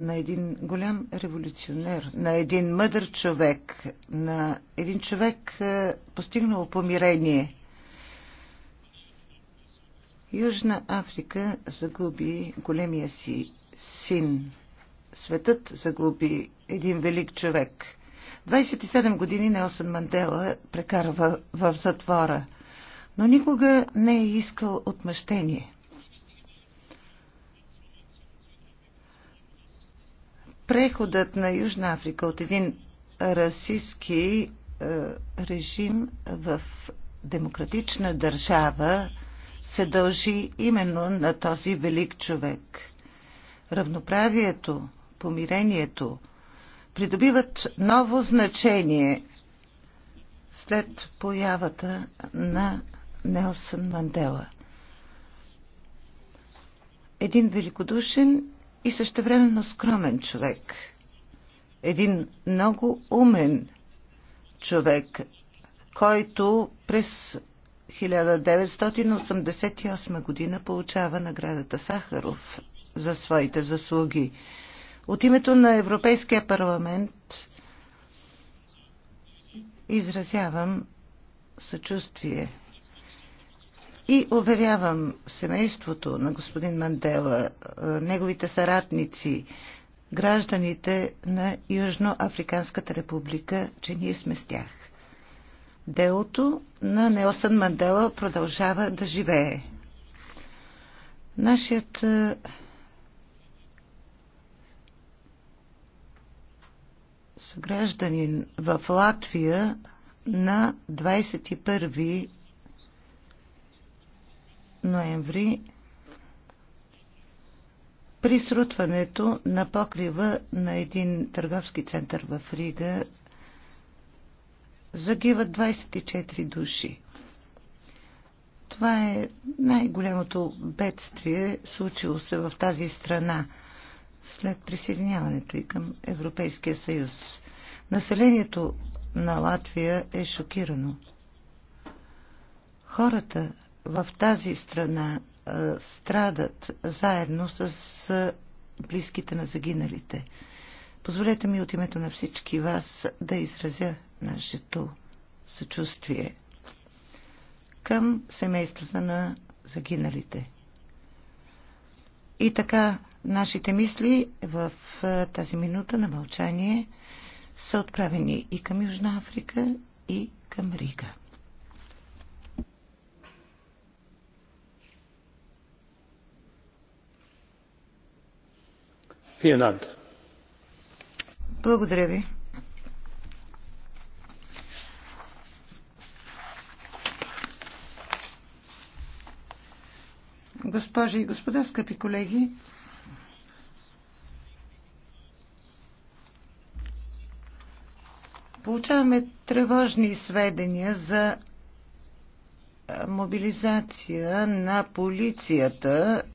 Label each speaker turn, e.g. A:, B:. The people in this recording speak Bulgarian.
A: на един голям революционер, на един мъдър човек, на един човек е, постигнал помирение. Южна Африка загуби големия си син. Светът загуби един велик човек. 27 години Нелсън Мандела прекарва в затвора, но никога не е искал отмъщение. преходът на Южна Африка от един расистски е, режим в демократична държава се дължи именно на този велик човек. Равноправието, помирението придобиват ново значение след появата на Нелсън Мандела. Един великодушен и същевременно скромен човек. Един много умен човек, който през 1988 година получава наградата Сахаров за своите заслуги. От името на Европейския парламент изразявам съчувствие и уверявам семейството на господин Мандела, неговите съратници, гражданите на Южноафриканската република, че ние сме с тях. Делото на Нелсън Мандела продължава да живее. Нашият съгражданин в Латвия на 21 ноември при срутването на покрива на един търговски център в Рига загиват 24 души. Това е най-голямото бедствие, случило се в тази страна след присъединяването и към Европейския съюз. Населението на Латвия е шокирано. Хората в тази страна страдат заедно с близките на загиналите. Позволете ми от името на всички вас да изразя нашето съчувствие към семействата на загиналите. И така, нашите мисли в тази минута на мълчание са отправени и към Южна Африка, и към Рига. Благодаря ви. Госпожи и господа, скъпи колеги, получаваме тревожни сведения за мобилизация на полицията